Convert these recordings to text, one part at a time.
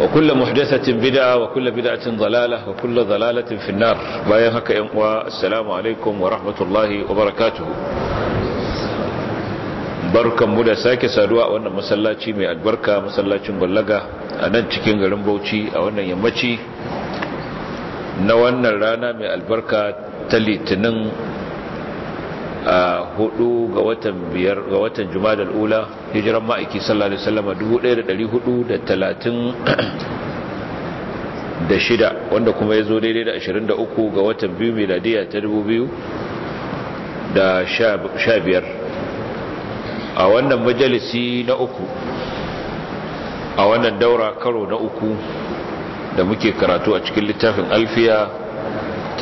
وكل محدثة بدعة وكل بدعة ضلالة وكل ضلالة في النار بايهك ينقوى السلام عليكم ورحمة الله وبركاته barkan mu da sake saduwa a wannan masallaci mai albarka masallacin gwallaga a nan cikin garin bauchi a wannan yammaci na wannan rana mai albarka ta litinin hudu ga watan biyar ga watan jumadal ula hijiran ma'aiki sallallahu alaihi da 1436 wanda kuma ya zo daidai da 23 ga watan biyu miladiya ta 2015 a wannan majalisi na uku a wannan daura karo na uku da muke karatu a cikin littafin alfiya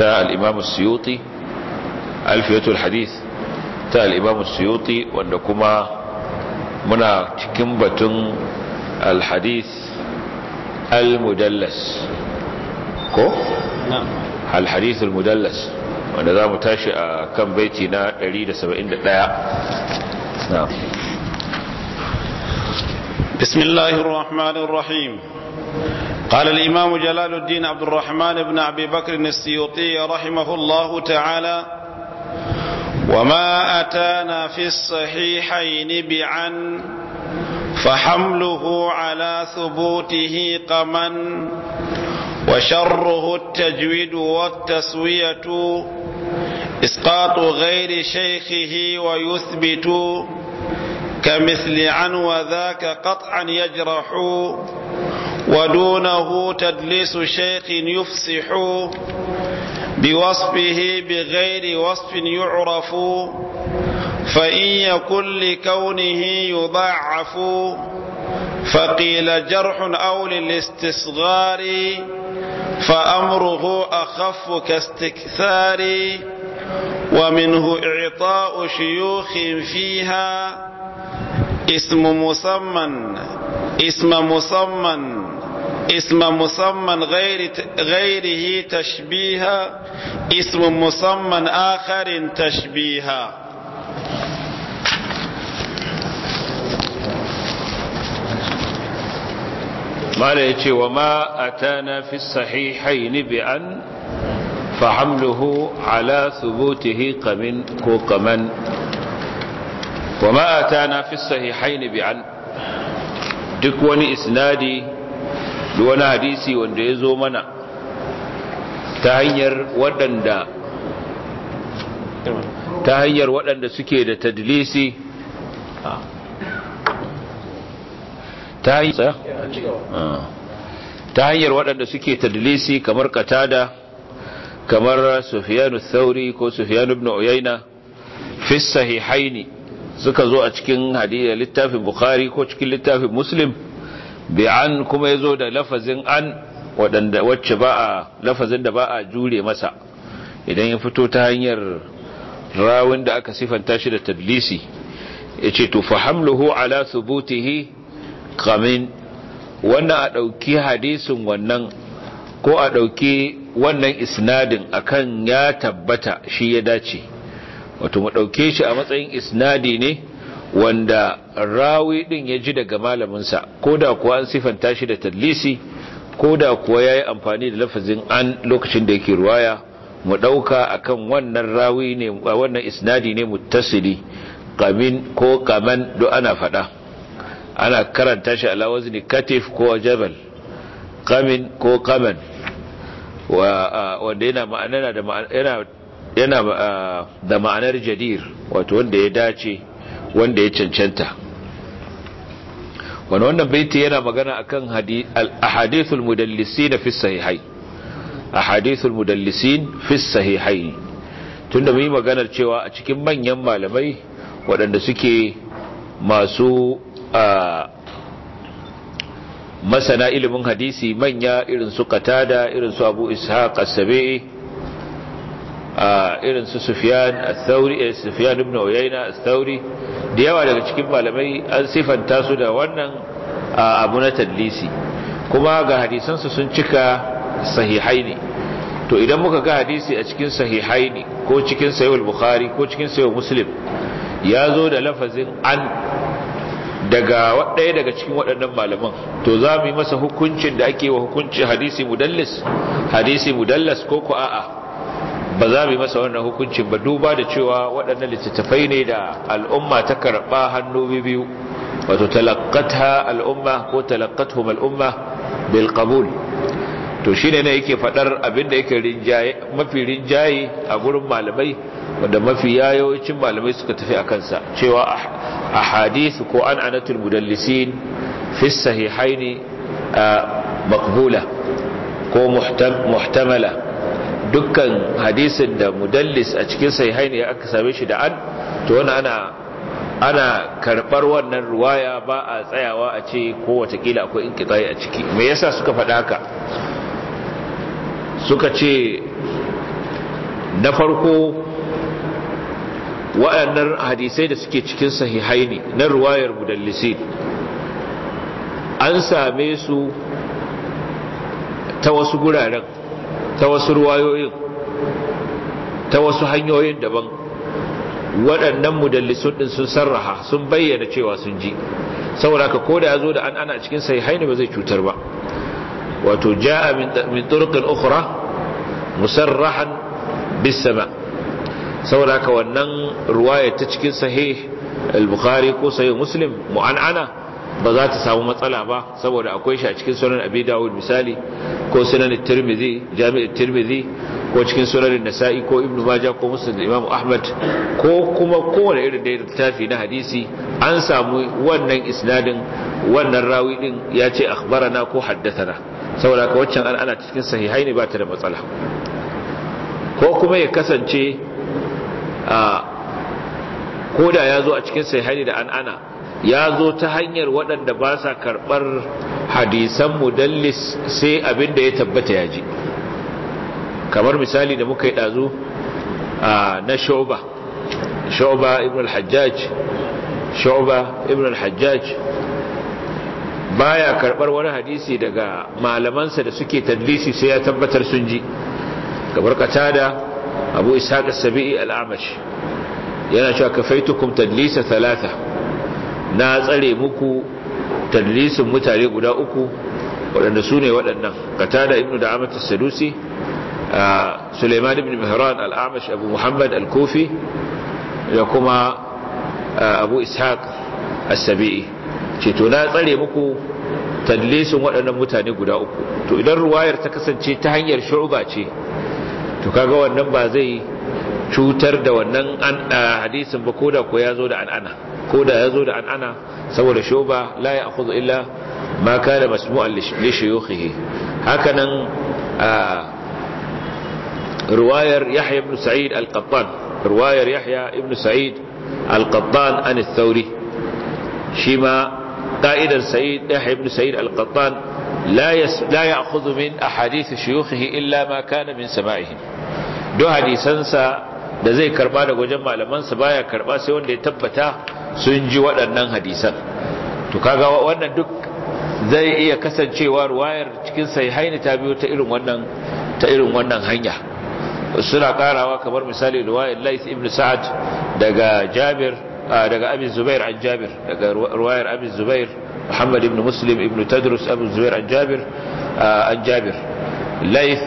ta al-imam suyuti alfiyatul hadith ta al'imamu suyuti wanda kuma muna cikin batun al-hadith al-mudallas ko? alhadis al-mudallas hadith al wanda za mu tashi a kan baiti na 171 بسم الله الرحمن الرحيم قال الإمام جلال الدين عبد الرحمن بن أبي بكر السيوطي رحمه الله تعالى وما أتانا في الصحيحين بعن فحمله على ثبوته قما وشره التجويد والتسوية إسقاط غير شيخه ويثبت كمثل عن وذاك قطعا يجرح ودونه تدليس شيخ يفسح بوصفه بغير وصف يعرف فإن يكن لكونه يضاعف فقيل جرح أو للاستصغار فأمره أخف كاستكثار ومنه إعطاء شيوخ فيها اسم مسمى اسم مسمى اسم مسمى غير غيره تشبيها اسم مسمى آخر تشبيها ما ليتي وما أتانا في الصحيحين بأن فحمله على ثبوته قمن كوكمن وما أتانا في الصحيحين بأن duk wani isnadi duk wani hadisi wanda ya zo mana ta hanyar waɗanda ta hanyar waɗanda suke da tadlisi ta hanyar waɗanda suke tadlisi kamar katada kamar sufiyanu thauri ko sufiyanu ibn uyaina fi sahihaini suka zo a cikin hadiyar littafin bukhari ko cikin littafin muslim bi kuma yazo da lafazin an waɗanda wacce ba a lafazin da ba a jure masa idan ya fito ta hanyar rawin da aka sifanta shi da tadlisi ya ce to fahamluhu ala thubutihi kamin wannan a ɗauki hadisin wannan ko a ɗauki wannan isnadin akan ya tabbata shi ya dace wato mu ɗauke shi a matsayin isnadi ne wanda rawi din ya ji daga malaminsa ko da kuwa an sifanta shi da tadlisi ko da kuwa ya yi amfani da lafazin an lokacin da yake ruwaya mu ɗauka akan wannan rawi ne wannan isnadi ne muttasili kamin ko kaman do ana faɗa ana karanta shi ala wazni katif ko jabal kamin ko kaman wanda yana ma'anar da ma'anar jadir wato wanda ya dace wanda ya cancanta wani wannan baiti yana magana akan ahadithul mudallisin fi sahihai ahadithul mudallisin fi sahihai tunda mu maganar cewa a cikin manyan malamai waɗanda suke masu masana ilimin hadisi manya irin su qatada irin su abu ishaq as irin su Sufyan al-Thauri eh, Sufyan ibn Uyayna al thawri da yawa daga cikin malamai an sifanta su da wannan abu na tadlisi kuma ga hadisan su sun cika sahihaini to idan muka ga hadisi a cikin sahihaini ko cikin sahih al-Bukhari ko cikin sahih Muslim ya zo da lafazin an daga ɗaya daga cikin waɗannan malaman to za mu yi masa hukuncin da ake wa hukuncin hadisi mudallis hadisi mudallas ko ku a'a ba za mu masa wannan hukuncin ba duba da cewa waɗannan littattafai ne da al'umma ta karɓa hannu biyu wato talaqqatha al'umma ko talaqqathum al'umma bil to shine ne yake fadar abinda yake rinjaye mafi rinjaye a gurin malamai wanda mafi yayoyin malamai suka tafi a kansa cewa ahadith ko an'anatul mudallisin fi a maqbula ko muhtamala dukkan hadisin da mudallis a cikin sahihai aka same shi da an to wani ana ana karbar wannan ruwaya ba a tsayawa a ce ko watakila akwai inkitai a ciki me yasa suka faɗa ka? suka ce na farko waɗannan hadisai da suke cikin sahihai na ruwayar mudallisi an same su ta wasu guraren ta wasu ruwayoyin ta wasu hanyoyin daban waɗannan mudallisun ɗin sun sarraha sun bayyana cewa sun ji saboda ka koda ya zo da an ana cikin sai haini ba zai cutar ba wato ja'a min turkin ukura musarrahan bisama sama saboda ka wannan ruwaya ta cikin sahih al-bukhari ko sahih muslim mu'anana ba za ta samu matsala ba saboda akwai shi a cikin sunan abi dawud misali ko sunan tirmidhi jami'at tirmidhi ko cikin sunan nasa'i ko ibnu majah ko muslim imamu ahmad ko kuma kowane irin da littafi na hadisi an samu wannan isnadin wannan rawi din ya ce akhbarana ko haddathana saboda ka waccan an ana cikin sahihai ba ta da matsala ko kuma ya kasance a koda ya zo a cikin sahihai da an ana ya zo ta hanyar waɗanda ba sa karɓar hadisan mudallis sai abin da ya tabbata ya ji kamar misali da muka yi ɗazu na shoba shoba ibn al-hajjaj shoba ibn al-hajjaj baya karɓar wani hadisi daga malamansa da suke tadlisi sai ya tabbatar sun ji kamar da abu ishaq sabii al yana cewa kafaitukum tadlisa Talata. na tsare muku tadlisin mutane guda uku waɗanda su ne waɗannan katada ibnu da amata sadusi suleiman ibn mihran al'amash abu muhammad al-kofi da kuma abu ishaq as-sabi'i ce na tsare muku tadlisin waɗannan mutane guda uku to idan ruwayar ta kasance ta hanyar shuruba ce to kaga wannan ba zai cutar da wannan hadisin ba ko da ko ya zo da an'ana ko da ya zo da an'ana saboda shoba la ya akhudhu illa ma kana masmu'an li shuyukhihi hakanan ruwayar Yahya ibn Sa'id al-Qattan ruwayar Yahya ibn Sa'id al-Qattan an al-Thawri shi ma قائدا سعيد يحيى بن سعيد القطان لا يس لا ياخذ من احاديث شيوخه الا ما كان من سماعهم دو حديثنسا da zai karba daga wajen malaman malamansa baya karba sai wanda ya tabbata sun ji waɗannan hadisan to kaga wannan duk zai iya kasancewa ruwayar cikin sahihaini ta biyo ta irin wannan ta irin wannan hanya suna karawa kamar misali ruwayar Lais ibn Sa'ad daga Jabir daga Abi Zubair an Jabir daga ruwayar Abi Zubair Muhammad ibn Muslim ibn Tadrus Abu Zubair an Jabir an Jabir Lais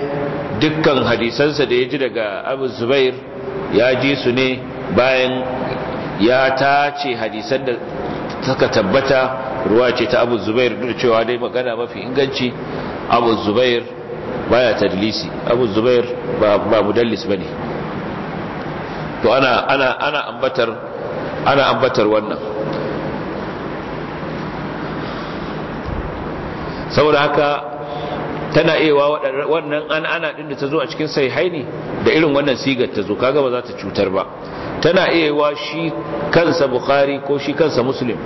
dukkan hadisansa da ya ji daga Abu Zubair ya ji su ne bayan ya ta ce hadisan da suka tabbata ruwa ce ta abu zubair duk cewa dai magana mafi inganci abu zubair baya tadlisi abu zubair ba mudallis ne to ana ambatar wannan saboda haka tana ewa wannan an ana din da ta zo a cikin sai haini da irin wannan sigar ta zo kaga ba za ta cutar ba tana ewa shi kansa bukhari ko shi kansa muslim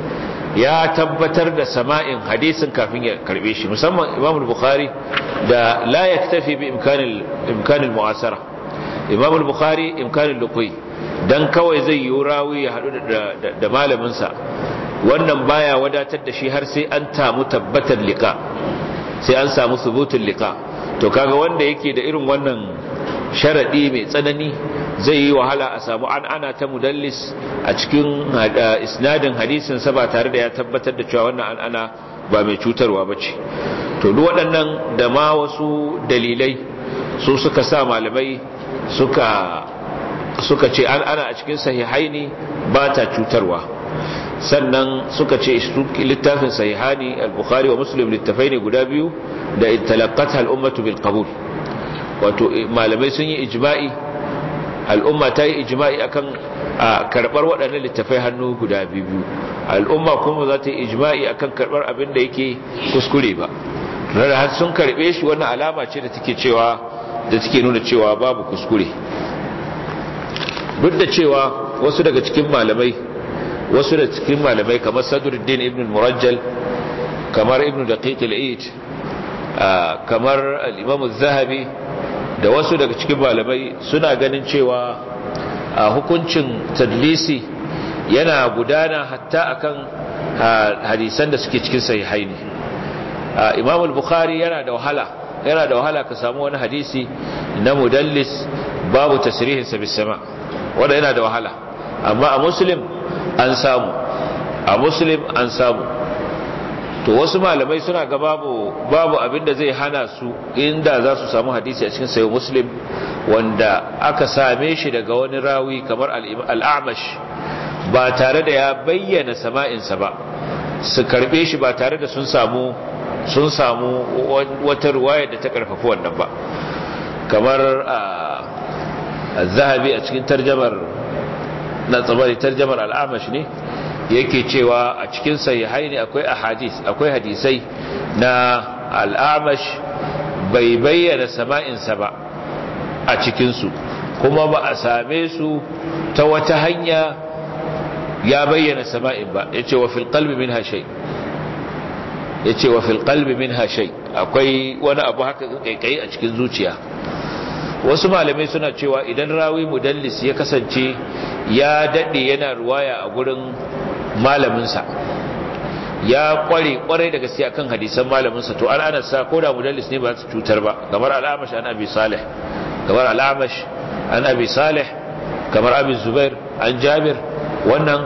ya tabbatar da sama'in hadisin kafin ya karbe shi musamman imam bukhari da la tafi bi imkanil mu'asara imam bukhari imkanil lukui dan kawai zai yi rawi ya hadu da malaminsa wannan baya wadatar da shi har sai an tamu tabbatar liqa sai an samu subutul liqa to kaga wanda yake da irin wannan sharadi mai tsanani zai yi wahala a samu an ana ta mudallis a cikin isnadin hadisin sa ba tare da ya tabbatar da cewa wannan an ana ba mai cutarwa bace to duk waɗannan da ma wasu dalilai su suka sa malamai suka suka ce an ana a cikin sahihaini ba ta cutarwa sannan suka ce littafin sahihani al-bukhari wa muslim littafai ne guda biyu da talaqatha al-ummatu bil qabul wato eh, malamai sun yi ijma'i al'umma ta yi ijma'i akan karbar waɗannan littafai hannu guda biyu al'umma kuma za ta yi ijma'i akan karbar abin da yake kuskure ba Rana har sun karbe shi wannan alama ce da take cewa da take nuna cewa babu kuskure duk da cewa wasu daga cikin malamai wasu da cikin malamai kamar sadruddin ibn murajjal kamar ibn daqiq al-eid kamar al zahabi da wasu daga cikin malamai suna ganin cewa a hukuncin tadlisi yana gudana hatta akan hadisan da suke cikin sahihaini imam al-bukhari yana da wahala yana da wahala ka samu wani hadisi na mudallis babu tasirihinsa bisama, wanda yana da wahala amma a muslim an samu a muslim an samu to wasu malamai suna ga babu babu abin da zai hana su inda za su samu hadisi a cikin sayo muslim wanda aka same shi daga wani rawi kamar al'amash ba tare da ya bayyana sama'insa ba su karbe shi ba tare da sun samu sun samu wata ruwaya da ta karfafi wannan ba kamar a ah, zahabi a cikin tarjamar na tsabari tarjamar al'amash ne yake cewa a cikin haini akwai ahadis akwai hadisai na al'amash bai bayyana sama'insa ba a cikinsu kuma ba a same su ta wata hanya ya bayyana sama'in ba ya ce wa filƙalbi min hashai ya ce wa filƙalbi min hashai akwai wani abu haka kai a cikin zuciya wasu malamai suna cewa idan rawi mudallis ya kasance ya daɗe yana ruwaya a gurin malaminsa ya kware kware daga siya akan hadisan malaminsa to an anasa ko da mudallis ne ba su cutar ba kamar al'amash an abi salih kamar al'amash an abi salih kamar abi zubair an jabir wannan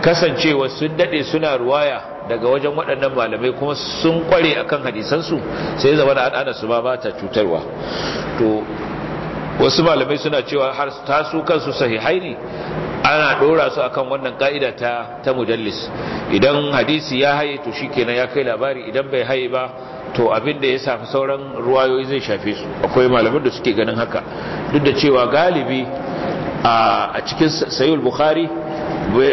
kasancewa sun daɗe suna ruwaya daga wajen waɗannan malamai kuma sun kware akan hadisansu sai zama da al'ada su ba ba ta cutarwa to wasu malamai suna cewa har su kansu sahihai ne ana dora su akan wannan ka'ida ta ta mujallis idan hadisi ya haye to shikenan ya kai labari idan bai haye ba to abin da ya safi sauran ruwayoyi zai shafe su akwai malaman da suke ganin haka duk da cewa galibi a cikin sayyul bukhari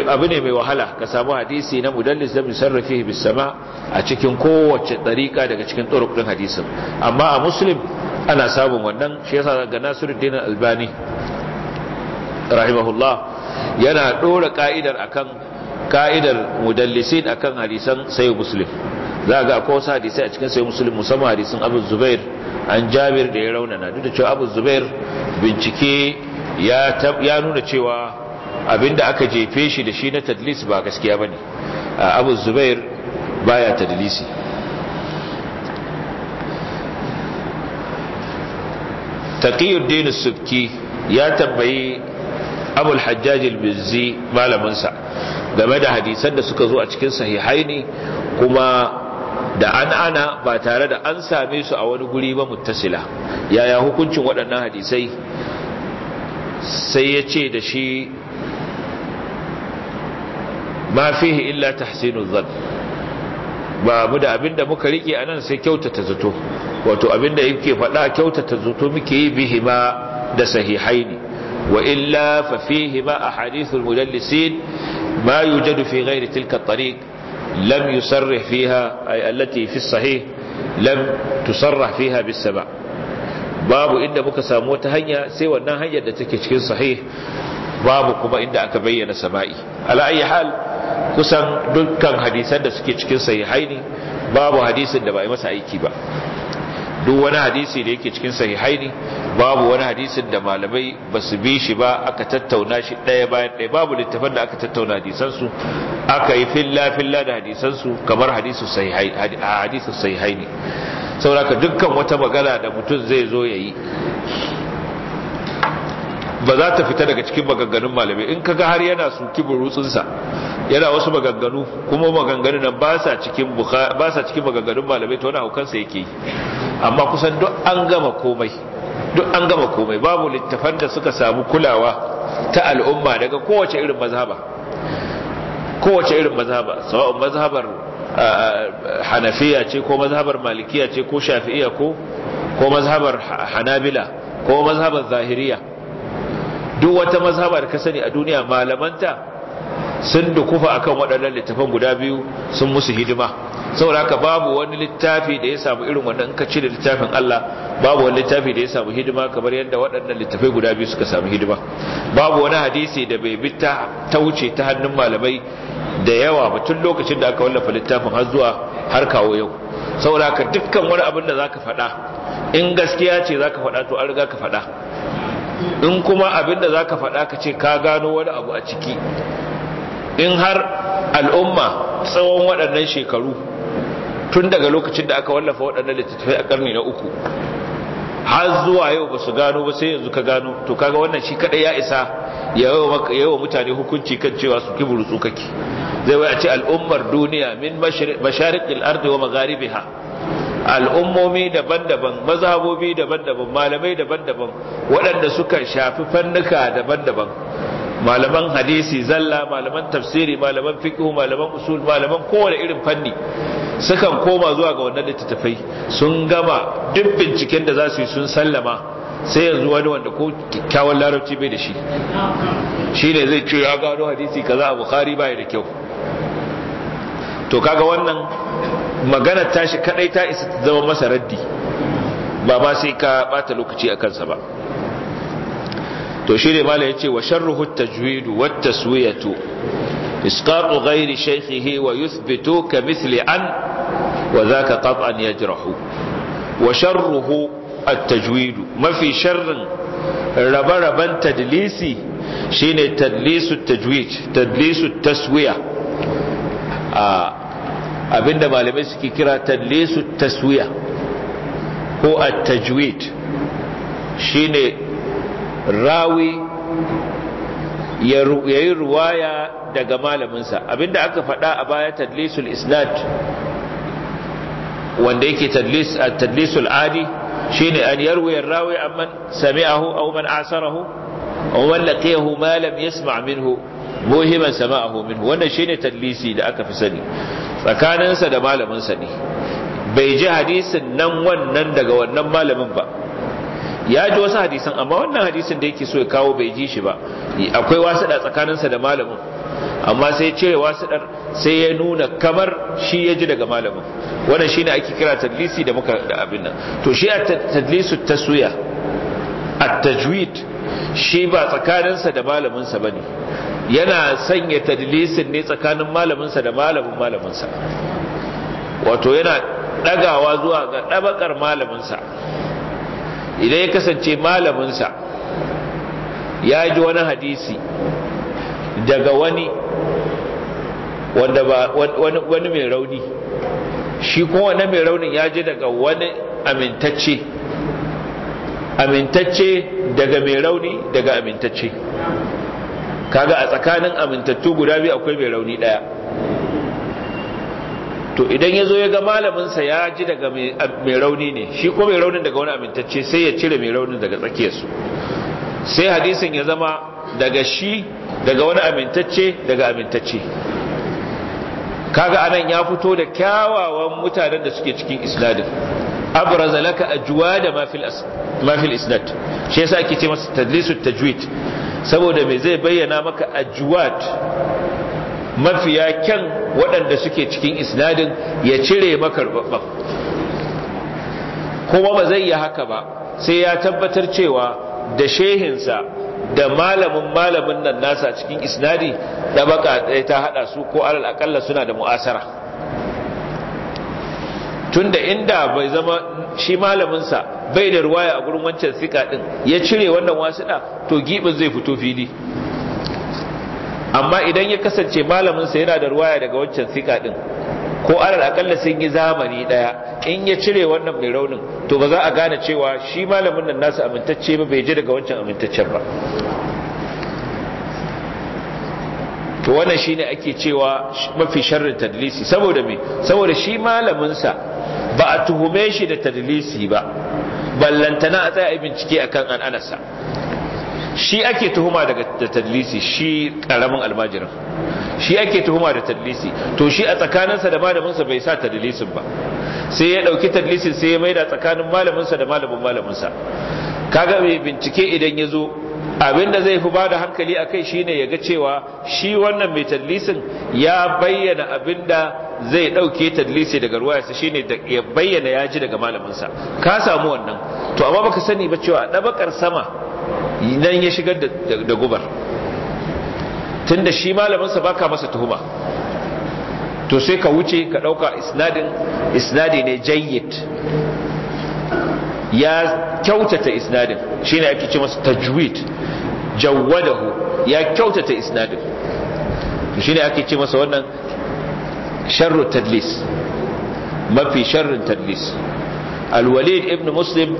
abu ne mai wahala ka samu hadisi na mudallis da musarrafi bis sama a cikin kowace dariƙa daga cikin turuq din hadisin amma a muslim ana samun wannan shi yasa ga Nasiruddin Albani rahimahullah yana dora ka'idar akan ka'idar mudallisin akan hadisan sayyid muslim za ga akwai hadisi a cikin sayyid muslim musamman hadisin Abu Zubair an Jabir da ya raunana duk da cewa Abu Zubair bincike ya nuna cewa abinda aka jefe shi da shi na tadlis ba gaskiya bane abu zubair baya tadlisi taqiyuddin subki ya tambayi abul hajjaj al-bizzi malamin sa game da hadisan da suka zo a cikin sahihaini kuma da an ana ba tare da an same su a wani guri ba muttasila yaya hukuncin waɗannan hadisai sai ya ce da shi ma fihi illa tahsinu zan ba mu da abinda muka rike a nan sai kyautata zato wato abinda yake faɗa kyautata zato muke yi bihi ma da sahihaini wa illa fa fihi fihima ahadithul mujallisin ma yujadu fi ghairi tilka tariq lam yusarrih fiha ay allati fi sahih lam tusarrah fiha bis sama' babu inda muka samu wata hanya sai wannan hanyar da take cikin sahih babu kuma inda aka bayyana sama'i ala ayi hal kusan dukkan hadisan da suke cikin sahihaini babu hadisin da ba yi masa aiki ba duk wani hadisi da yake cikin sahihaini babu wani hadisin da malamai ba su bi shi ba aka tattauna shi ɗaya bayan ɗaya babu littafin da aka tattauna hadisansu aka yi filla filla da hadisansu kamar hadisu sahihaini sauraka dukkan wata magana da mutum zai zo ya yi ba za ta fita daga cikin maganganun malamai in kaga har yana suki burutsunsa yana wasu maganganu kuma maganganu nan ba sa cikin maganganun malamai ta wani haukansa yake yi amma kusan duk an gama komai duk an gama komai babu littafan da suka samu kulawa ta al'umma daga kowace irin mazhaba kowace irin mazhaba sawa'un mazhabar hanafiya ce ko mazhabar malikiya ce ko shafi'iya ko ko mazhabar hanabila ko mazhabar zahiriya duk wata mazhaba da ka sani a duniya malamanta sun dukufa akan waɗannan littafan guda biyu sun musu hidima saboda haka babu wani littafi da ya samu irin wannan in ka cire littafin Allah babu wani littafi da ya samu hidima kamar yadda waɗannan littafai guda biyu suka samu hidima babu wani hadisi da bai bi ta wuce ta hannun malamai da yawa ba tun lokacin da aka wallafa littafin har zuwa har kawo yau saboda ka dukkan wani abin da zaka faɗa in gaskiya ce zaka faɗa to an riga ka faɗa in kuma abin da zaka faɗa ka ce ka gano wani abu a ciki in har al'umma tsawon waɗannan shekaru tun daga lokacin da aka wallafa waɗannan littattafai a ƙarni na uku har zuwa yau ba su gano ba sai yanzu ka gano to kaga wannan shi kaɗai ya isa yawa mutane hukunci kan cewa su kiburu su kake zai waya ce al'ummar duniya min mashariqil ardi wa magharibiha al'ummomi daban-daban mazhabobi daban-daban malamai daban-daban waɗanda suka shafi fannuka daban-daban malaman hadisi zalla malaman tafsiri malaman fiqh malaman usul malaman kowane irin fanni sukan koma zuwa ga wannan littattafai sun gama duk binciken da za su yi sun sallama sai yanzu wani wanda ko kyakkyawan larabci bai da shi shi ne zai ce ya gano hadisi za a bukari bai da kyau to kaga wannan magana tashi kadai ta isa ta zama masa raddi ba ba sai ka bata lokaci a kansa ba to shi ne mala ce, wa sharruhu tajwidu wat taswiyatu isqatu ghairi shaykhihi wa yuthbitu kamithli an wa dhaka qat'an yajrahu wa sharruhu at-tajwidu mafi sharrin rabe-raben tadlisi shine tadlisu tajwid tadlisu taswiya abinda malamai suke kira tadlisu taswiya ko at-tajwid shine rawi ya yi ruwaya daga malaminsa abinda aka faɗa a baya tadlisul isnad wanda yake tadlisul adi shine an yarwi rawi amman sami'ahu aw man asarahu aw man laqiyahu ma lam yasma' minhu muhiman sama'ahu minhu wannan shine tadlisi da aka fi sani tsakaninsa da malamin sa ne bai ji hadisin nan wannan daga wannan malamin ba ya ji wasu hadisan amma wannan hadisin da yake so ya kawo bai ji shi ba akwai wasuɗa tsakaninsa da malamin amma sai cire wasuɗar sai ya nuna kamar shi ya ji daga malamin wannan shi ne ake kira tadlisi da muka da abin nan to shi a tadlisu taswiya a tajwid shi ba tsakaninsa da malaminsa ba ne yana sanya tadlisin ne tsakanin malaminsa da malamin malaminsa wato yana ɗagawa zuwa ga ɗabakar malaminsa idan ya kasance malaminsa ya ji wani hadisi daga wani wani mai rauni shi kuma wani mai raunin ya ji daga wani amintacce amintacce daga mai rauni daga amintacce kaga a tsakanin amintattu guda biyu akwai mai rauni daya to idan ya zo ya ga malaminsa ya ji daga mai rauni ne shi ko mai raunin daga wani amintacce sai ya cire mai raunin daga tsakiyarsu sai hadisin ya zama daga shi daga wani amintacce daga amintacce kaga anan ya fito da kyawawan mutanen da suke cikin isnadin abraza laka ajwa da ma fil isnad shi yasa ake ce masa tadlisu tajwid saboda mai zai bayyana maka ajwad mafiya kyan waɗanda suke cikin isnadin ya cire maka rubabban kuma ba zai yi haka ba sai ya tabbatar cewa da shehinsa da malamin malamin nan nasa cikin isnadi da baka ɗaya ta haɗa su ko alal akalla suna da mu'asara tunda inda bai zama shi malaminsa bai da ruwaya a gurin wancan sika ɗin ya cire wannan wasiɗa to giɓin zai fito fili amma idan ya kasance malamin sa yana da ruwaya daga waccan sika din ko alal akalla sun yi zamani daya in ya cire wannan mai raunin to ba za a gane cewa shi malamin nan nasu amintacce ba bai ji daga wancan amintaccen ba to wannan shine ake cewa mafi sharrin tadlisi saboda me saboda shi malamin sa ba a tuhume shi da tadlisi ba ballantana a tsaya bincike akan an anasa shi ake tuhuma da tadlisi shi karamin almajirin shi ake tuhuma da tadlisi to shi a tsakaninsa da malaminsa bai sa tadlisin ba sai ya ɗauki tadlisin sai ya maida tsakanin malaminsa da malamin malaminsa kaga mai bincike idan ya zo abinda zai fi ba da hankali a kai shine ya ga cewa shi wannan mai tadlisin ya bayyana abinda zai ɗauke tadlisi daga ruwayarsa ne ya bayyana ya ji daga malaminsa ka samu wannan to amma baka sani ba cewa ɗabakar sama nan ya shigar da gubar tun da shi malaminsa baka masa tuhuma to sai ka wuce ka ɗauka isnadin isnadi ne jayyid ya kyautata isnadin shine ake ce masa tajwid jawwadahu ya kyautata isnadin to shine ake ce masa wannan sharru tadlis mafi sharrin tadlis al-walid ibn muslim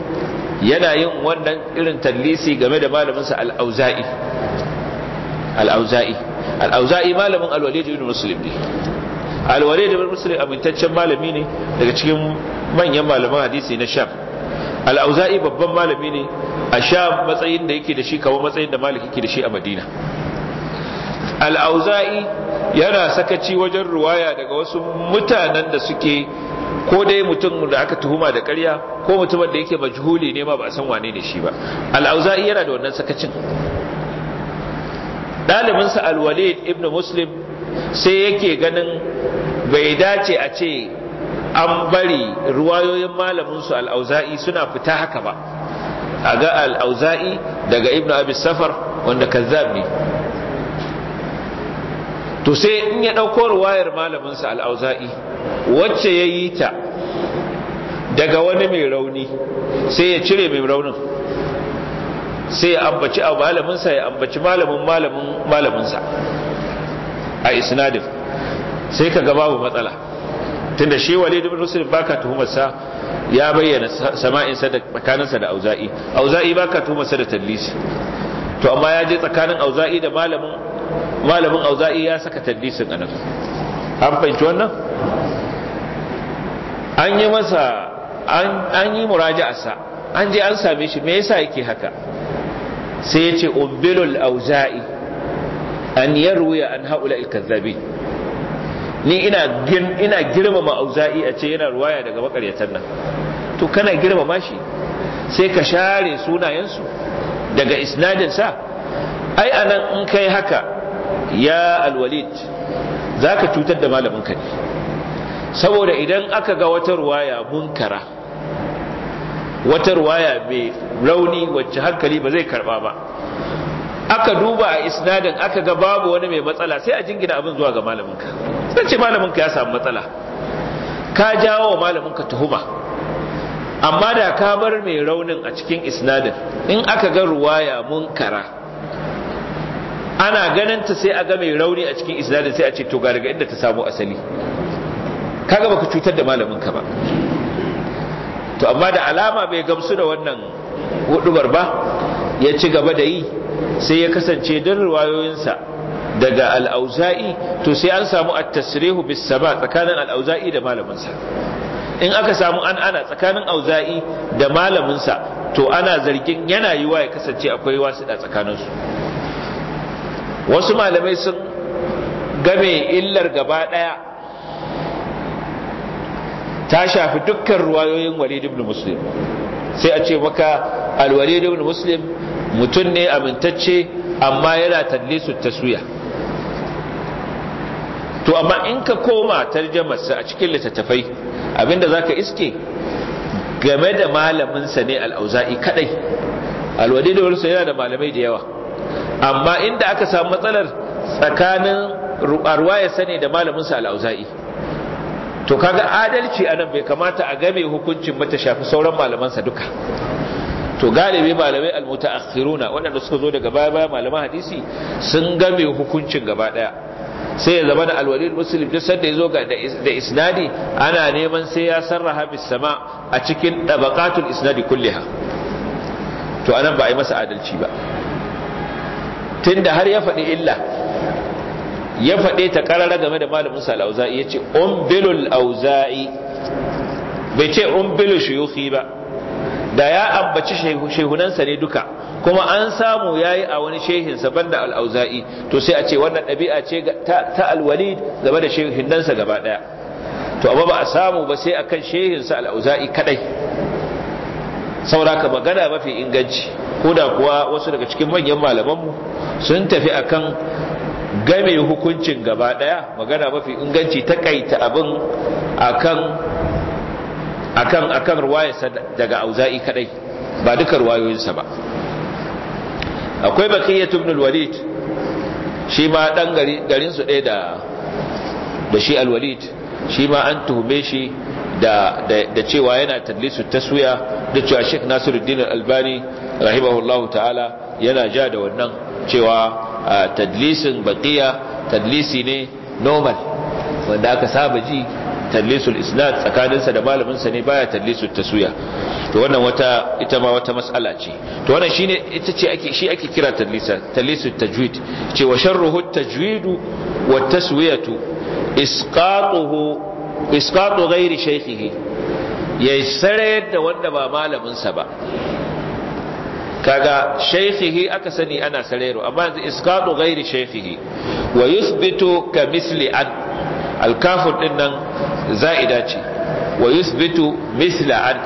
yana yin wannan irin tallisi game da malaminsa al-auza'i al-auza'i al-auza'i malamin al-walid ibn muslim ne al-walid ibn muslim amintaccen malami ne daga cikin manyan malaman hadisi na sham al-auza'i babban malami ne a sham matsayin da yake da shi kawo matsayin da malik yake da shi a madina al-auza'i yana sakaci wajen ruwaya daga wasu mutanen da suke ko dai mutum da aka tuhuma da ƙarya ko mutumin da yake majhuli ne ma ba a san wane ne shi ba al yana da wannan sakacin ɗalibinsa al-walid ibn muslim sai yake ganin bai dace a ce an bari ruwayoyin malaminsu al-auza'i suna fita haka ba a ga al-auza'i daga ibn abi safar wanda kazzab ne to sai in ya ɗauko ruwayar malaminsa al'auza'i wacce ya yi ta daga wani mai rauni sai ya cire mai raunin sai ya ambaci a malaminsa ya ambaci malamin malamin malaminsa a isnadin sai ka ga babu matsala tunda shi walid ibn muslim baka tuhumarsa ya bayyana sama'insa da tsakaninsa da auza'i auza'i baka tuhumarsa da tallisi to amma ya je tsakanin auza'i da malamin malamin auza'i ya saka Taddisin anan an fahimci wannan an yi masa an yi muraja'arsa an je an same shi me yasa yake haka sai ya ce ubilul auza'i an yarwiya an haula ilkazzabi ni ina ina girmama auza'i a ce yana ruwaya daga makaryatan nan to kana girmama shi sai ka share sunayensu daga isnadin sa ai anan in kai haka ya alwalid za ka cutar da malamin ka saboda idan aka ga wata ruwaya munkara wata ruwaya mai rauni wacce hankali ba zai karba ba aka duba a isnadin aka ga babu wani mai matsala sai a jingina abin zuwa ga malaminka sai ce malaminka ya samu matsala ka jawo wa malaminka tuhuma amma da ka bar mai raunin a cikin isnadin in aka ga ruwaya munkara ana ganin ta sai a ga mai rauni a cikin isnadin sai a ce to ga daga inda ta samu asali kaga baka cutar da malamin ka ba to amma da alama bai gamsu da wannan hudubar ba ya ci gaba da yi sai ya kasance don riwayoyinsa daga al'auza'i to sai an samu at-tasrihu bis saba tsakanin al'auza'i da malaminsa in aka samu an ana tsakanin auza'i da malaminsa to ana zargin yana yiwa ya kasance akwai wasu da tsakaninsu wasu malamai sun game illar gaba ɗaya ta shafi dukkan ruwayoyin walid ibn muslim sai a ce maka alwalid ibn muslim mutum ne amintacce amma yana tallisu taswiya to amma in ka koma tarjamarsa a cikin littattafai abinda zaka iske game da malaminsa ne al'auza'i kadai alwalid ibn muslim yana da malamai da yawa amma inda aka samu matsalar tsakanin ya sani da malamin sa al-auza'i to kaga adalci anan bai kamata a game hukuncin ba shafi sauran malaman sa duka to galibi malamai al-mutaakhiruna waɗanda suka zo daga baya baya malaman hadisi sun game hukuncin gaba daya sai ya zama da alwalid muslim duk sanda ya zo da isnadi ana neman sai ya sarraha bis sama a cikin tabaqatul isnadi kulliha to anan ba a yi masa adalci ba tunda har ya faɗi illa ya faɗe ta ƙarara game da malamin sa ya ce umbilul auza'i bai ce umbilu shuyukhi ba da ya ambaci shehunansa ne duka kuma an samu ya yi a wani shehinsa ban da al'auza'i to sai a ce wannan ɗabi'a ce ta al game da shehinansa gaba ɗaya to amma ba a samu ba sai akan shehinsa al kaɗai kadai magana mafi inganci ko da kuwa wasu daga cikin manyan malamanmu sun tafi akan game hukuncin gaba daya magana mafi inganci takaita abin akan akan akan ruwayarsa daga auza'i kadai ba duka ruwayoyinsa ba akwai bakiyatu ibn al-walid shi ma dan garin su ɗaya da da shi al-walid shi ma an tuhume shi da cewa yana tadlisu taswiya da cewa Sheikh Nasiruddin Al-Albani rahimahullahu ta'ala yana ja da wannan cewa tadlisin baqiya tadlisi ne normal wanda aka saba ji tadlisul isnad tsakaninsa da malaminsa ne baya tadlisul taswiya to wannan wata ita ma wata mas'ala ce to wannan shine ita ce ake shi ake kira tadlisa tadlisul tajwid ce wa sharruhu tajwidu wa taswiyatu isqatuhu isqatu ghairi shaykhihi ya sare da wanda ba malaminsa ba kaga shaykhihi aka sani ana sarero amma yanzu isqatu ghairi shaykhihi wa yuthbitu ka misli an alkafun din nan za'ida ce wa yuthbitu misla an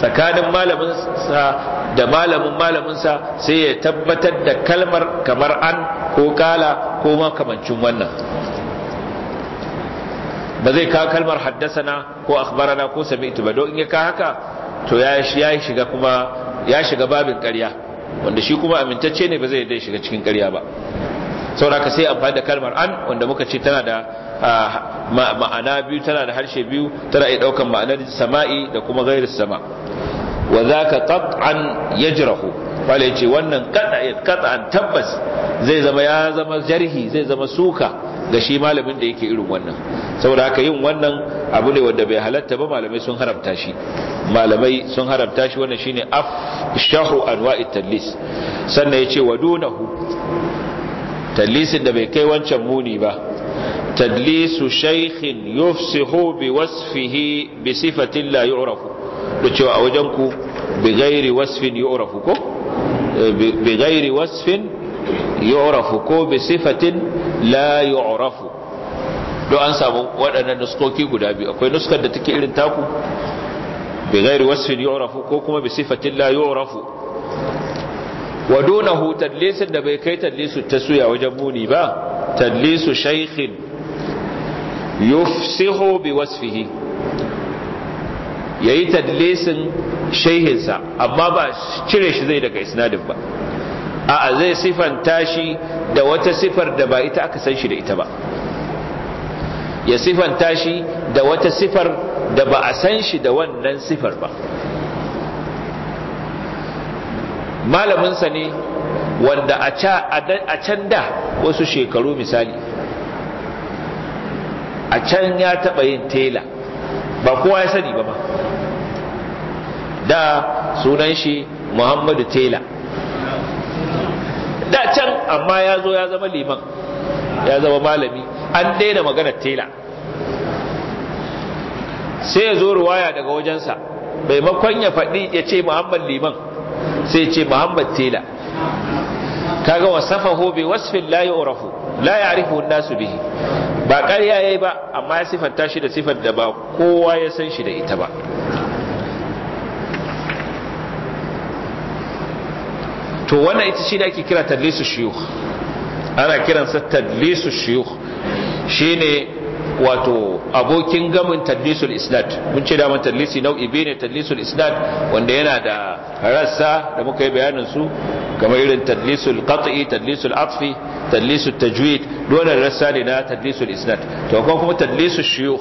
tsakanin malamin sa da malamin malamin sa sai ya tabbatar da kalmar kamar an ko kala ko makamancin wannan ba zai ka kalmar haddasa na ko akhbarana ko sami'tu ba don in ya ka haka to ya shiga kuma ya shiga babin ƙarya wanda shi kuma amintacce ne ba zai dai shiga cikin ƙarya ba sauraka sai amfani da kalmar an wanda muka ce tana da ma'ana biyu tana da harshe biyu tana iya ɗaukan ma'anar sama'i da kuma gairar sama wa za ka qat'an yajrahu malai ce wannan kata'an tabbas zai zama ya zama jarhi zai zama suka ga shi malamin da yake irin wannan saboda haka yin wannan abu ne wanda bai halatta ba malamai sun haramta shi malamai sun haramta shi wannan shine af shahu anwa'i tallis sannan yace wadunahu tallisin da bai kai wancan muni ba tadlisu shaykhin yufsihu bi wasfihi bi sifatin la yu'rafu da cewa a wajen ku bighairi wasfin yu'rafu ko bighairi wasfin yu'rafu ko bi sifatin la yu'rafu don an samu waɗannan nuskoki guda biyu akwai nuskar da take irin taku bighairi wasfin yu'rafu ko kuma bi sifatin la yu'rafu wa dunahu tadlisin da bai kai tadlisu tasuya wajen muni ba tadlisu shaykhin yufsihu bi wasfihi ya yi tadlisin shehinsa amma ba cire shi zai daga isnadin ba a'a zai sifanta shi da wata sifar da ba ita aka san shi da ita ba ya sifanta shi da wata sifar da ba a san shi da wannan sifar ba malaminsa ne wanda a can da wasu shekaru misali a can ya taɓa yin tela ba kowa ya sani ba ba da sunan shi muhammadu tela da can amma ya zo ya zama liman ya zama malami an daina maganar tela sai ya zo ruwaya daga wajensa maimakon ya faɗi ya ce muhammad liman sai ya ce muhammad tela kaga wasafa hobe wasfin la Layi la ya'rifu arifu nasu bihi ba ƙarya ya yi ba amma ya sifanta shi da siffar da ba kowa ya san shi da ita ba to wannan ita shi da ake kira tadlisu shiyu. ana kiransa tadlisu shi ne wato abokin gamin tadlisul islat mun ce da tadlisi nau'i biyu ne tadlisul islat wanda yana da rassa da muka yi bayanin su كما يقولون تدليس القطعي تدليس العطفي تدليس التجويد دون الرسالة لا تدليس الإسناد توقفوا تدليس الشيوخ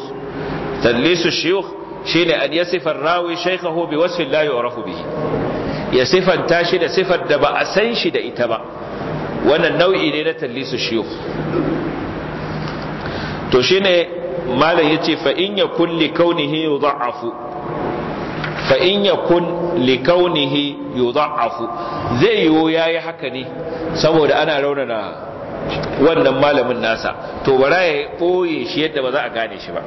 تدليس الشيوخ شين أن يصف الراوي شيخه بوصف لا يعرف به يصف أن تاشد صفة دبا أسنشد إتبا وانا النوعي لنا تدليس الشيوخ تشين ما لا يتي فإن كل كونه يضعف fa in yakun kaunihi yudha'afu zai yiwu yayi haka ne saboda ana raunana wannan malamin nasa to bara ya boye shi yadda ba za a gane shi ba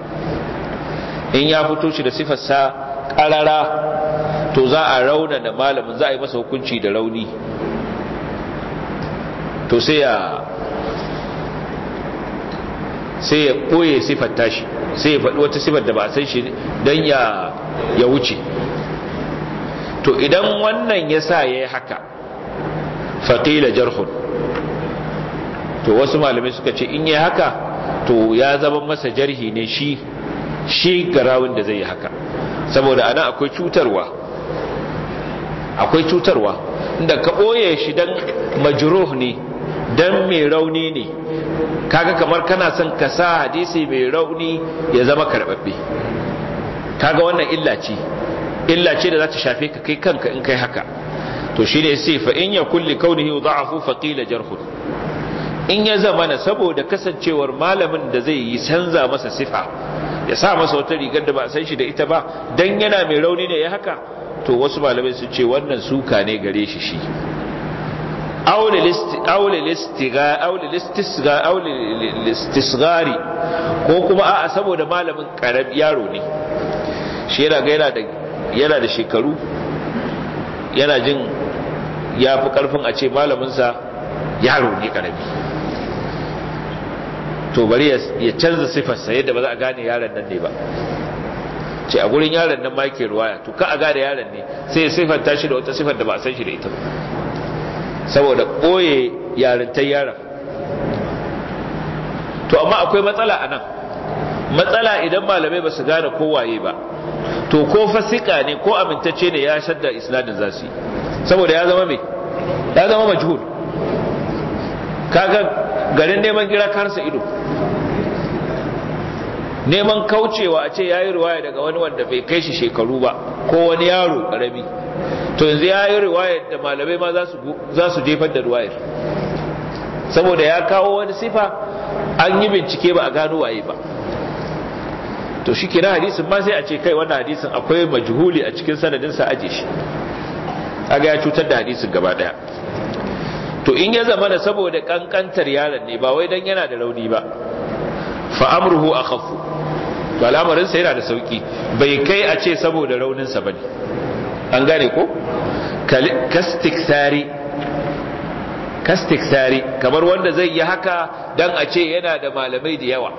in ya fito shi da sifar sa karara to za a raunana malamin za a yi masa hukunci da rauni to sai ya sai ya ɓoye sifar tashi sai ya faɗi wata sifar da ba a san shi don ya wuce to idan wannan ya sa ya yi haka faƙila jarhun to wasu malamai suka ce in yi haka to ya zama masa jarhi ne shi shi garawin da zai yi haka saboda ana akwai cutarwa akwai cutarwa inda ka ɓoye shi don majuruh ne don mai rauni ne kaga kamar kana son ka sa hadisi mai rauni ya zama karɓaɓɓe kaga wannan illa ce illa ce da za ta shafe ka kai kanka in kai haka to shi ne sai fa in ya kulli kaunihi yudha'afu fa qila jarhud in ya zama na saboda kasancewar malamin da zai yi canza masa sifa ya sa masa wata rigar da ba san shi da ita ba dan yana mai rauni ne ya haka to wasu malamai sun ce wannan suka ne gare shi shi ko kuma a'a saboda malamin karab yaro ne shi yana ga yana da yana da shekaru yana jin ya fi karfin a ce malaminsa yaro ne karami to bari ya canza sifarsa yadda ba za a gane yaron nan ne ba ce a gurin yaron nan ma ruwa ruwaya to ka a gane yaron ne sai ya sifanta shi da wata sifar da ba a san shi da ita ba saboda ɓoye yarintar yaron to amma akwai matsala a nan matsala idan malamai ba su gane waye ba to ko fasika ne ko amintacce ne ya shadda isnadin za saboda ya zama mai ya zama majhul kaga garin neman kira karsa ido neman kaucewa a ce ya yi riwaya daga wani wanda bai kai shi shekaru ba ko wani yaro karami to yanzu ya yi riwaya da malamai ma za su jefar da riwayar saboda ya kawo wani sifa an yi bincike ba a gano waye ba to shi kenan hadisin ma sai a ce kai wannan hadisin akwai majhuli a cikin sanadin sa aje shi kaga ya cutar da hadisin gaba daya to in ya zama da saboda kankantar yaron ne ba wai dan yana da rauni ba fa amruhu akhafu to al'amarin sa yana da sauki bai kai a ce saboda raunin sa bane an gane ko kastiksari kastiksari kamar wanda zai yi haka dan a ce yana da malamai da yawa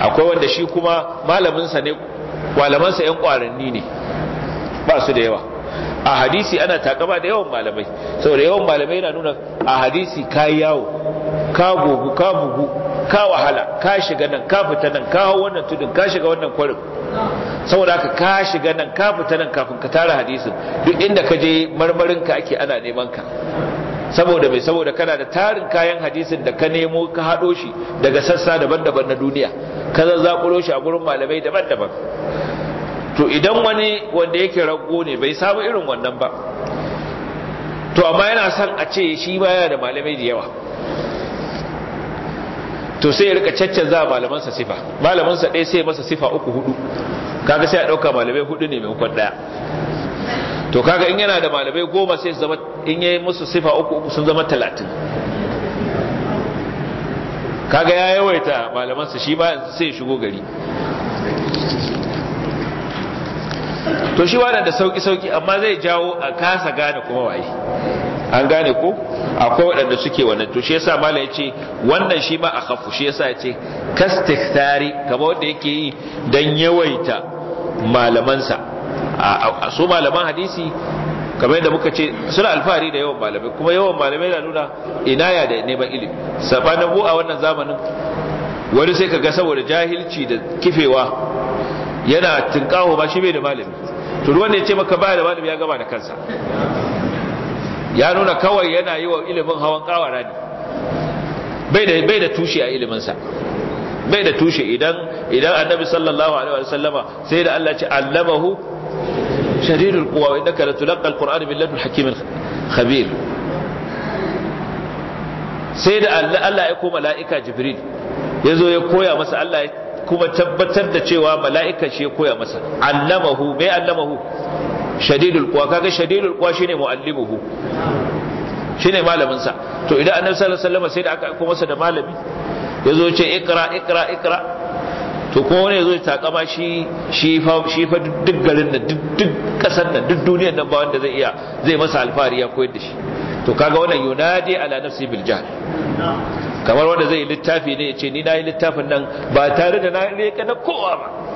akwai wanda shi kuma malaminsa ne malamansa yan kwaranni ne ba su da yawa a hadisi ana takama da yawan malamai saboda yawan malamai yana nuna a hadisi ka yawo ka gugu, ka bugu ka wahala ka shiga nan ka fita nan ka hau wannan tudun ka shiga wannan kwarin saboda haka ka shiga nan ka fita nan kafin ka tara hadisin duk inda ka je marmarin ake ana neman ka saboda mai saboda kana da tarin kayan hadisin da ka nemo ka haɗo shi daga sassa daban-daban na duniya ka zazzakulo shi a gurin malamai daban-daban to idan wani wanda yake rago ne bai samu irin wannan ba to amma yana son a ce shi ba yana da malamai da yawa to sai ya rika caccanza malamansa sifa malamansa ɗaya sai masa sifa uku hudu kaga sai a ɗauka malamai hudu ne maimakon ɗaya to kaga in yana da malamai goma sai zama in yayi musu sifa uku uku sun zama talatin kaga ya yawaita malamansa shi ba sai shigo gari to shi wannan da sauki sauki amma zai jawo a kasa gane kuma waye an gane ko akwai waɗanda suke wannan to shi yasa mala ce wannan shi ma a akhafu shi yasa yace kastikthari kamar wanda yake yi dan yawaita malamansa su malaman hadisi kamar da muka ce suna alfahari da yawan malamai kuma yawan malamai na nuna inaya da neman ilimi sabanin bu a wannan zamanin wani sai ka ga saboda jahilci da kifewa yana tunkaho ba shi bai da malami to wanda ya ce maka baya da malami ya gama da kansa ya nuna kawai yana yi wa ilimin hawan kawara ne bai da tushe a ilimin sa bai da tushe idan idan annabi sallallahu alaihi wasallama sai da Allah ce allamahu shadidul quwa wa innaka latulqa alquran min ladun hakimin khabir sai da Allah ya ko mala'ika jibril yazo ya koya masa Allah ya kuma tabbatar da cewa mala'ika shi ya koya masa allamahu bai allamahu shadidul quwa kaga shadidul quwa shine muallimuhu shine malamin sa to idan annabi sallallahu alaihi wasallam sai da aka aika masa da malami ya zo ce ikra ikra ikra to ko wani ya zo ta shi shi shi fa duk garin da duk kasar da duk duniyar nan ba wanda zai iya zai masa alfahari ya koyar da shi to kaga wannan yunadi ala nafsi bil jahl kamar wanda zai littafi ne ya ce ni na yi littafin nan ba tare da na leka na kowa ba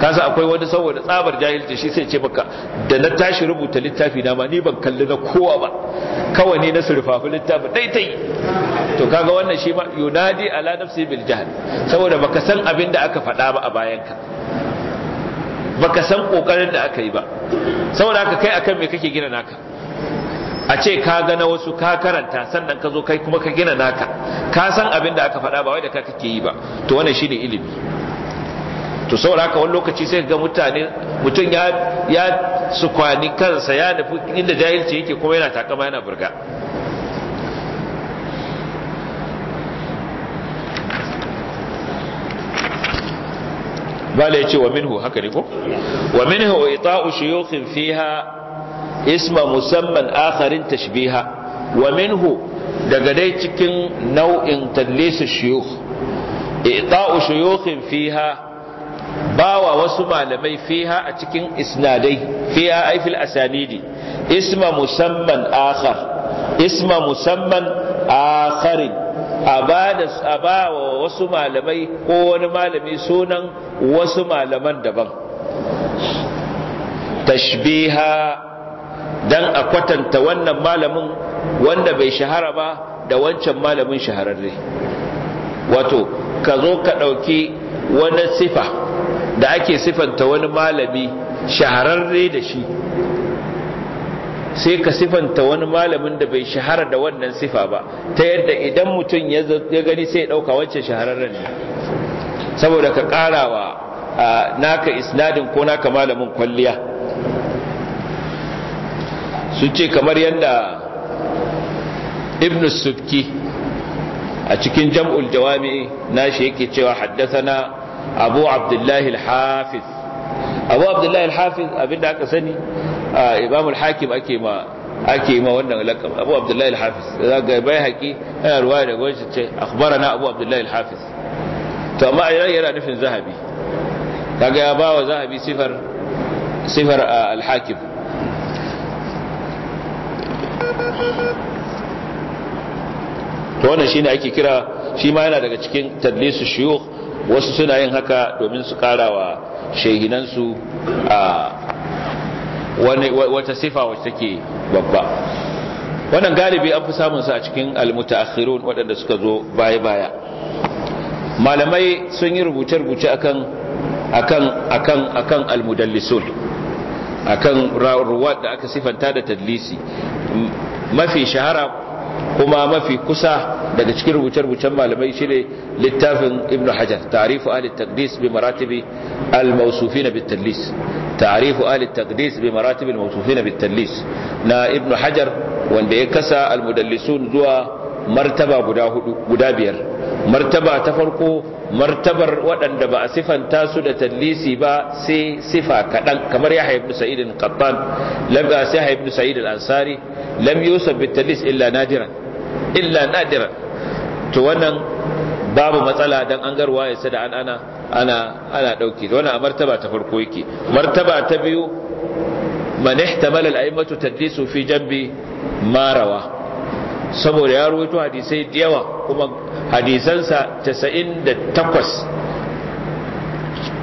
kasa akwai wani saboda tsabar jahilci shi sai ce maka da na tashi rubuta littafi na ma ni ban kalli na kowa ba kawai ne na surfafi littafi daitai to kaga wannan shi ma yunadi ala nafsi bil jahl saboda baka san abin da aka faɗa ba a bayan ka baka san kokarin da aka yi ba saboda haka kai akan me kake gina naka a ce ka ga na wasu ka karanta sannan ka zo kai kuma ka gina naka ka san abin da aka faɗa ba wai da ka kake yi ba to wannan shine ilimi to saboda haka wani lokaci sai ga mutane mutum ya ya sukwani kansa ya nufi inda jahilci yake kuma yana takama yana burga bala ya ce wa minhu haka ne ko wa minhu ita'u shuyukhin fiha isma musamman akharin tashbiha wa minhu daga dai cikin nau'in tallisa shuyukh ita'u shuyukhin fiha bawa wasu malamai fiha a cikin isnadai fiha aifil asanidi isma musamman akhar isma musamman a ba wa wasu malamai ko wani malami sunan wasu malaman daban tashbiha dan a kwatanta wannan malamin wanda bai shahara ba da wancan malamin shahararre wato ka zo ka ɗauki wani sifa da ake sifanta wani malami shahararre da shi sai ka sifanta wani malamin da bai shahara da wannan sifa ba ta yadda idan mutum ya gani sai ya ɗauka wancan shahararren ne saboda ka ƙarawa naka isnadin ko naka malamin kwalliya su ce kamar yadda ibn subki a cikin jam'ul jawami nashi yake cewa haddasa na abu abdullahi al-hafiz abu abdullahi al-hafiz abinda aka sani imam al-hakim ake ma ake ma wannan lakab abu abdullahi al-hafiz za ga bai haƙi yana ruwaya daga wani ce akhbarana abu abdullahi al-hafiz to amma ai yana nufin zahabi kaga ya bawa zahabi sifar sifar al-hakim to wannan shine ake kira shi ma yana daga cikin tadlisu shuyukh wasu suna yin haka domin su karawa su a wani wata sifa wacce take babba wannan galibi an fi samun su a cikin almutaakhirun wadanda suka zo baya baya malamai sun yi rubuce-rubuce akan akan akan akan almudallisun akan ruwa da aka sifanta da tadlisi mafi shahara kuma mafi kusa daga cikin rubuce-rubucen malamai shine littafin ibn hajar ta'rifu ahli taqdis bi maratibi al-mawsufin bit tadlis ta'rifu ahli taqdis bi maratibi al-mawsufin bit tadlis na ibn hajar wanda ya kasa al-mudallisun zuwa martaba guda hudu guda biyar martaba ta farko martabar waɗanda ba a sifanta su da tallisi ba sai sifa kaɗan kamar ya haifu sa'idin qattan lam ya ah, sai haifu sa'idin ansari lam yusuf bi tallis illa nadiran illa nadiran to wannan babu matsala dan an garwa ya da an ana ana ana dauke wannan a martaba ta farko yake martaba ta biyu man ihtamala al-a'immatu tadlisu fi janbi marawa saboda ya rawaito hadisai da yawa kuma hadisansa 98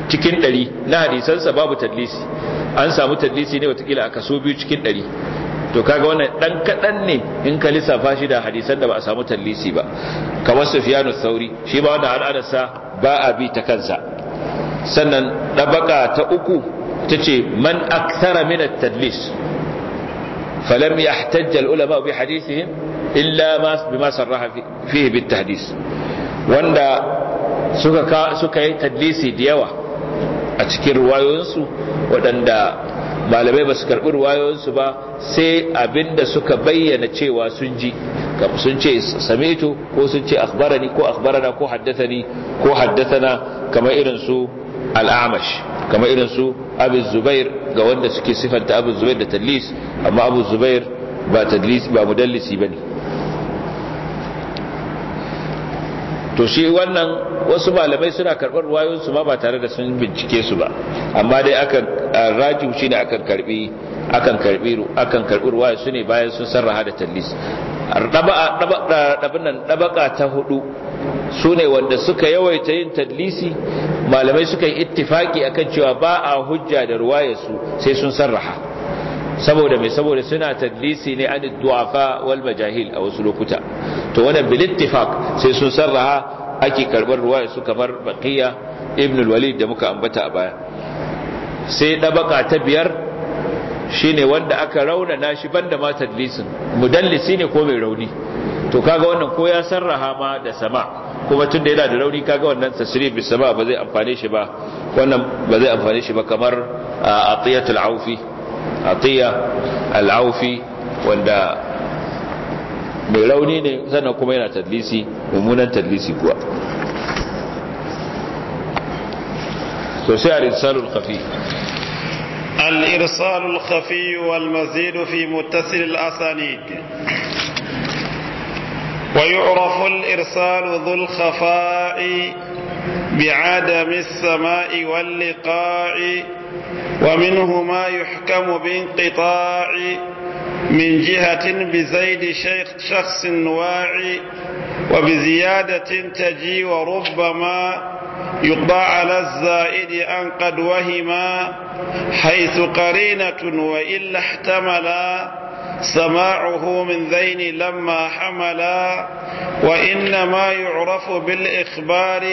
cikin 100 na hadisansa babu tadlisi an samu tadlisi ne watakila a kaso biyu cikin 100 to kaga wannan dan kadan ne in ka lissafa shi da hadisan da ba a samu tadlisi ba kamar Sufyanu Sauri, shi ba wanda al'adarsa ba a bi ta kansa sannan dabaka ta uku tace man aksara min at-tadlis falam yahtajja al-ulama bi hadithihim illa ma ma sarraha fihi bit tahdis wanda suka suka yi tadlisi da yawa a cikin ruwayoyinsu waɗanda malamai ba su karɓi ruwayoyinsu ba sai abinda suka bayyana cewa sun ji sun ce samitu ko sun ce akhbarani ko akhbarana ko haddathani ko haddathana kamar irin su al'amash kamar irin su abu zubair ga wanda suke sifanta abu zubair da tadlis amma abu zubair ba tadlis ba mudallisi bane to shi wannan wasu malamai suna karɓar ruwayoyinsu ma ba tare da sun bincike su ba amma dai akan rajihu shi ne akan karɓi akan karɓi akan karɓi su ne bayan sun sarraha da tallis ɗabaka ta hudu su ne wanda suka yawaita yin tadlisi malamai suka yi ittifaki akan cewa ba a hujja da ruwayarsu sai sun sarraha saboda mai saboda suna tadlisi ne an du'afa wal majahil a wasu lokuta to wannan bil ittifaq sai sun sarraha ake karbar ruwaya su kamar baqiya ibn al walid da muka ambata a baya sai dabaka ta biyar shine wanda aka rauna na shi banda ma tadlisin mudallisi ne ko mai rauni to kaga wannan ko ya sarraha ma da sama kuma tun da yana da rauni kaga wannan tasrif bis sama ba zai amfane shi ba wannan ba zai amfane shi ba kamar atiyatul aufi atiya al'aufi wanda mai rauni ne sannan kuma yana tadlisi mummunan tadlisi kuwa to sai al-irsalul khafi al-irsalul khafi wal mazid fi muttasil al-asanid ويعرف الإرسال ذو الخفاء بعدم السماء واللقاء ومنه ما يحكم بانقطاع من جهة بزيد شيخ شخص واعي وبزيادة تجي وربما يقضى على الزائد أن قد وهما حيث قرينة وإلا احتملا سماعه من ذين لما حملا وإنما يعرف بالإخبار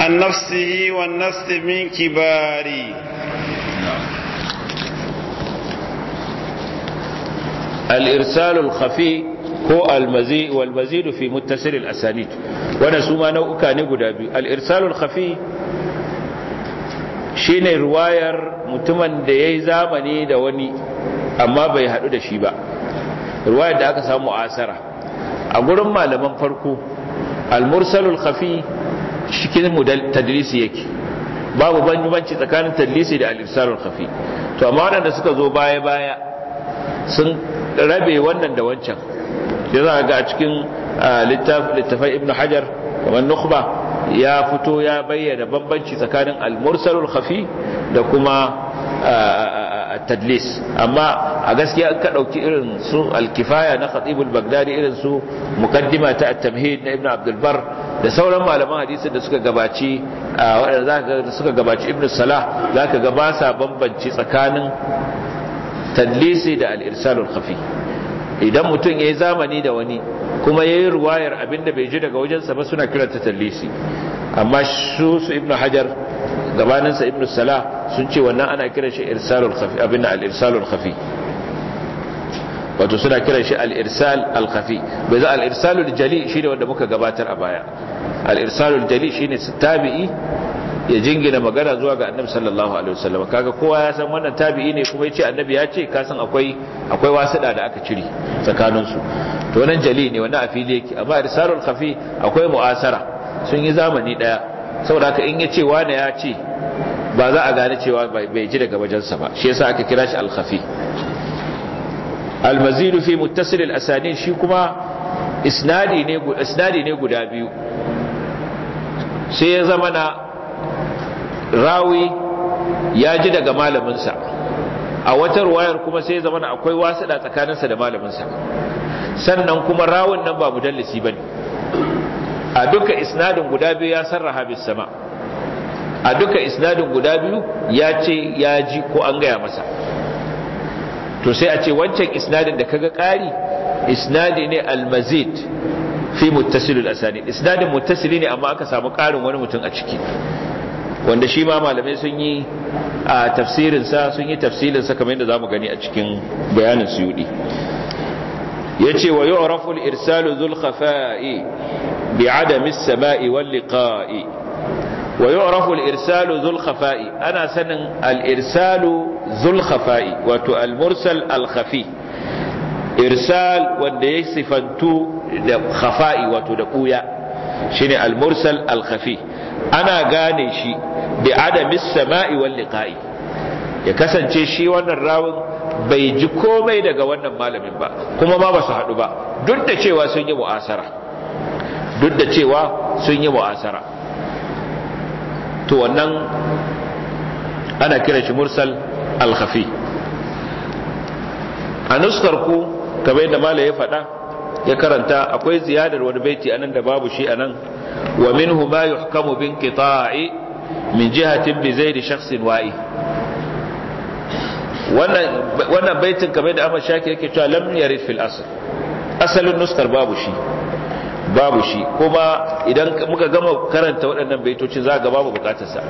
عن نفسه والنفس من كبار الإرسال الخفي هو المزيد والمزيد في متصل الأسانيد ونسوما نوكا نبدا الإرسال الخفي shine ruwayar mutumin da ya yi zamani da wani amma bai haɗu da shi ba ruwayar da aka samu asara a gurin malaman farko al-mursalul khafi cikin mu tadlisi yake babu banbanci tsakanin tadlisi da al khafi to amma waɗanda suka zo baya baya sun rabe wannan da wancan sai ga a cikin ah, littafin ibnu hajar kamar nukhba ya fito ya bayyana bambanci tsakanin al-mursalul khafi da kuma tadlis amma a gaskiya an ka dauki irin su al-kifaya na khatibul bagdadi irin su muqaddima ta at-tamhid na Ibn abdul bar da sauran malaman hadisi da suka gabaci waɗanda zaka suka gabaci ibn salah zaka ga ba sa bambanci tsakanin tadlisi da al-irsalul khafi idan mutum yayi zamani da wani kuma ya yi ruwayar abinda bai ji daga wajensa ba suna kiranta tallisi amma su su ibnu hajar gabaninsa ibnu salah sun ce wannan ana kiran shi al-irsalul khafi wato suna kiran shi al-irsal al-khafi bai za al-irsalul jali shine wanda muka gabatar a baya al-irsalul jali shine tabi'i ya jingina magana zuwa ga annabi sallallahu alaihi wasallam kaga kowa ya san wannan tabi'i ne kuma yace annabi ya ce ka san akwai akwai wasuda da aka cire tsakanin su to nan jali ne wannan afili yake amma risalul khafi akwai mu'asara sun yi zamani daya saboda haka in ya ce wani ya ce ba za a gane cewa bai ji daga wajen sa ba shi yasa aka kira shi al-khafi al-mazid fi muttasil al-asanin shi kuma isnadi ne isnadi ne guda biyu sai ya zama na rawi ya ji daga malaminsa a wata ruwayar kuma sai zamana akwai wasuɗa tsakaninsa da malaminsa sannan kuma rawin nan ba mudallisi ba ne a duka isnadin guda biyu ya sarraha bis sama a duka isnadin guda biyu ya ce ya ji ko an gaya masa to sai a ce wancan isnadin da kaga ƙari isnadi ne almazid fi muttasilul asani isnadin muttasili ne amma aka samu ƙarin wani mutum a ciki wanda shi ma malamai sun yi a tafsirin sa sun yi tafsirin sa kamar yadda zamu gani a cikin bayanin suyudi yace wa yu'rafu al-irsalu dhul khafa'i bi'adami as-sama'i wal liqa'i wa yu'rafu al-irsalu dhul khafa'i ana sanin al-irsalu dhul khafa'i wato al-mursal al-khafi irsal wanda ya sifantu da khafa'i wato da kuya shine al-mursal al-khafi ana gane shi bi adamis sama'i wal liqa'i ya kasance shi wannan rawun bai ji komai daga wannan malamin ba kuma ma ba su haɗu ba duk da cewa sun yi mu'asara duk da cewa sun yi mu'asara to wannan ana kira shi mursal al-khafi a nuskar ku kamar yadda malai ya faɗa ya karanta akwai ziyadar wani baiti anan da babu shi anan wa minhu ma yuhkamu bin qita'i min jihatin bi zaid shakhsin wa'i wannan wannan baitin kamar da Ahmad shaki yake cewa lam yarid fil asl asalin nuskar babu shi babu shi kuma idan muka gama karanta waɗannan baitoci za ga babu bukatar za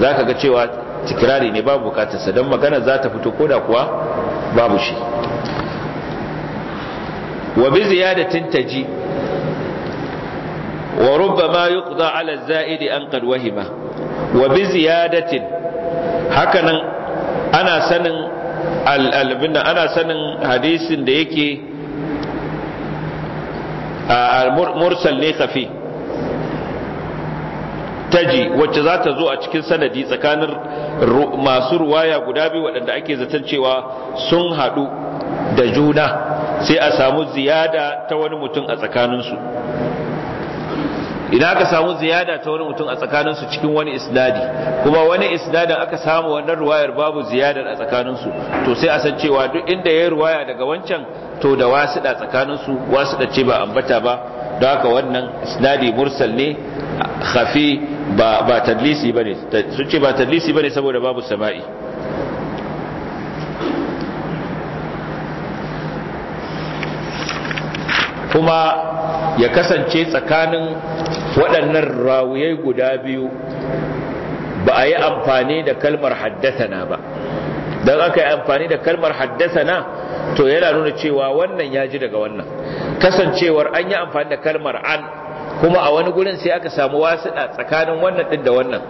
zaka ga cewa tikirari ne babu sa don magana za ta fito koda kuwa babu shi wa bi ziyadatin taji wa rubbama yuqda ala zaidi an qad wahima wa bi ziyadatin hakanan ana sanin al ana sanin hadisin da yake mursal ne khafi taji wacce za ta zo a cikin sanadi tsakanin masu ruwaya guda biyu waɗanda ake zaton cewa sun haɗu da juna sai a samu ziyada ta wani mutum a tsakaninsu idan aka samu ziyada ta wani mutum a tsakaninsu cikin wani isnadi kuma wani isnadin aka samu wannan ruwayar babu ziyadar a tsakaninsu to sai a san cewa duk inda ya ruwaya daga wancan to da da tsakaninsu da ce ba ambata ba don haka wannan isnadi mursal ne khafi ba tadlisi sun ce ba tadlisi bane saboda babu sama'i kuma ya kasance tsakanin waɗannan rawuyai guda biyu ba a yi amfani da kalmar haddasana ba don aka yi amfani da kalmar haddasana to yana nuna cewa wannan ya ji daga wannan kasancewar an yi amfani da kalmar an kuma a wani gurin sai aka samu wasuɗa tsakanin wannan ɗin da wannan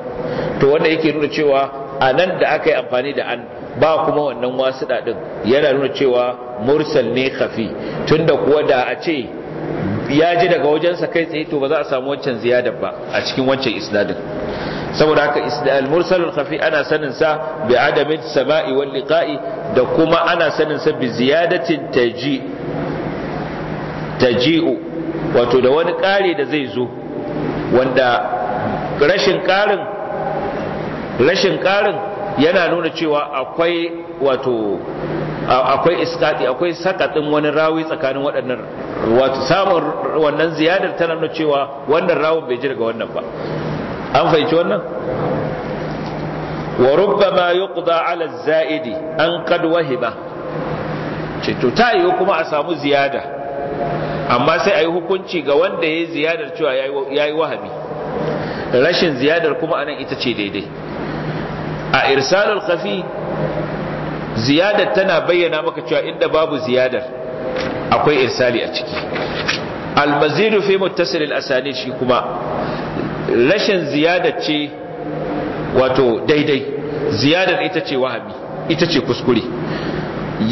to wanda yake nuna cewa a nan da aka yi amfani da an ba kuma wannan wasiɗa ɗin yana nuna cewa mursal ne khafi tunda kuwa da a ce ya ji daga wajensa kai tsaye to ba za a samu wancan ziyadar ba a cikin wancan isnadin saboda haka al mursalin khafi ana sanin sa bi adamin sama'i wal liqa'i da kuma ana sanin sa bi ziyadatin taji taji'u wato da wani ƙari da zai zo wanda rashin ƙarin. rashin yana nuna cewa akwai wato akwai iskati akwai sakatin wani rawi tsakanin waɗannan wato samun wannan ziyadar tana nuna cewa wannan rawun bai ji daga wannan ba an fahimci wannan wa rubbama yuqda ala zaidi an qad wahiba ce to ta yiwu kuma a samu ziyada amma sai a yi hukunci ga wanda ya yi ziyadar cewa ya yi wahabi rashin ziyadar kuma anan ita ce daidai a irsalul khafi ziyadar tana bayyana maka cewa inda babu ziyadar akwai irsali a ciki almazidu fi muttasil al-asani shi kuma rashin ziyadar ce wato daidai ziyadar ita ce wahami ita ce kuskure